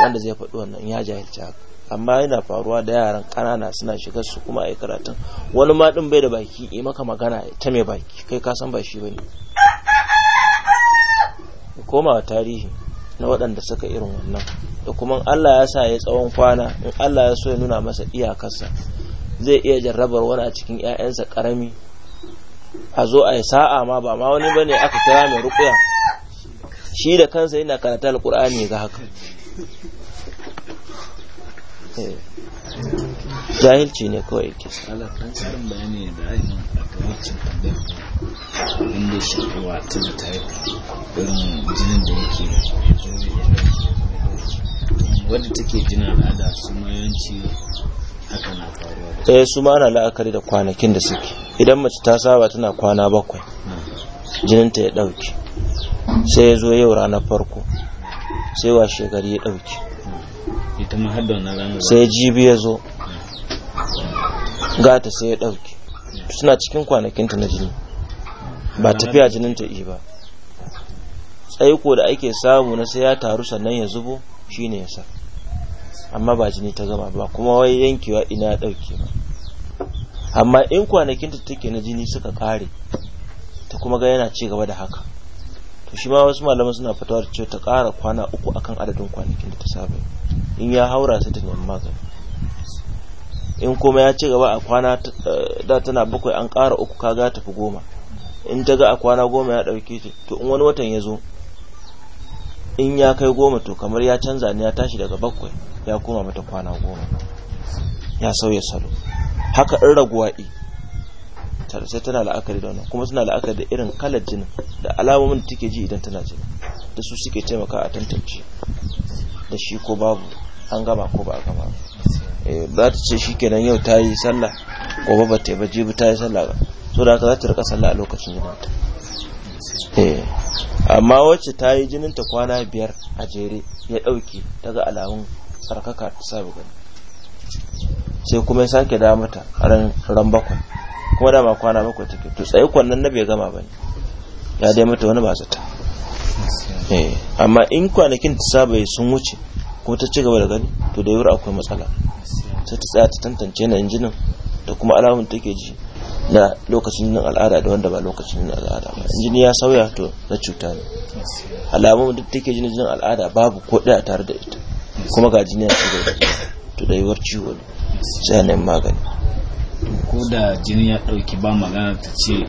wanda zai faɗi wannan ya jahilci haka amma yana faruwa da yaran ƙanana suna shiga su kuma a yi karatun wani ma ɗin bai da baki yi maka magana ta mai baki kai ka san ba shi ba ne koma tarihi na waɗanda suka irin wannan da kuma Allah ya sa ya tsawon kwana in Allah ya so ya nuna masa iyakarsa zai iya jarrabar wani a cikin 'ya'yansa ƙarami a zo a yi sa'a ma ba ma wani bane aka kira mai rukuya shi da kansa yana karanta alkur'ani ga haka eh. jahilci ne kawai ke ala wadda take jina al'ada su mayanci haka na faruwa eh su ma ana la'akari da kwanakin da suke idan mace ta saba tana kwana bakwai jininta ya ɗauke sai ya zo yau ranar farko sai wa shekari ya ɗauki sai jibi ya zo gata sai ya ɗauki suna cikin kwanakinta na jini ba tafiya jinin ta yi ba tsaiko da ake samu na sai ya taru sannan ya zubo shine ya sa amma ba jini ta gama ba kuma wai yankewa ina ya ɗauke ba amma in kwanakinta take na jini suka kare, ta kuma ga yana ci gaba da haka shi ma wasu malaman suna da cewa ta ƙara kwana uku akan adadin kwanakin da ta saba in ya haura sai ta nemi magani in kuma ya ci gaba a kwana eh, da tana bakwai an ƙara uku kaga tafi goma in ta ga a kwana goma ya ɗauke ta to in wani watan ya zo in ya kai goma to kamar ya canza ne ya tashi daga bakwai ya koma mata kwana goma ya sauya salo haka in raguwa'i cutar sai tana la'akari da wannan kuma suna la'akari da irin kalar jinin da alamomin da take ji idan tana jini da su suke taimaka a tantance da shi ko babu an gama ko ba a gama ba eh, ta ce shi kenan yau ta yi sallah ko ba ta yi ba jibi ta yi sallah ba so da haka za ta rika sallah a lokacin ta eh, amma wacce ta yi jinin ta kwana biyar a jere ya ɗauke daga alamun tsarkaka ta sabu gani sai kuma ya sake damata mata ran bakwai kuma da ba kwana bakwai take to tsaye kwannan na bai gama bane ya dai mata wani ba zata eh amma in kwanakin ta saba sun wuce ko ta ci gaba da gani to da yawar akwai matsala sai ta tsaya ta tantance na injinin da kuma alamun take ji na lokacin jinin al'ada da wanda ba lokacin jinin al'ada ba injini ya sauya to na cuta ne alamun duk take na jinin al'ada babu ko daya tare da ita kuma ga jini ya ci gaba to da yawar ciwo ne sai na magani ko da jini ya ɗauki ba magana ta ce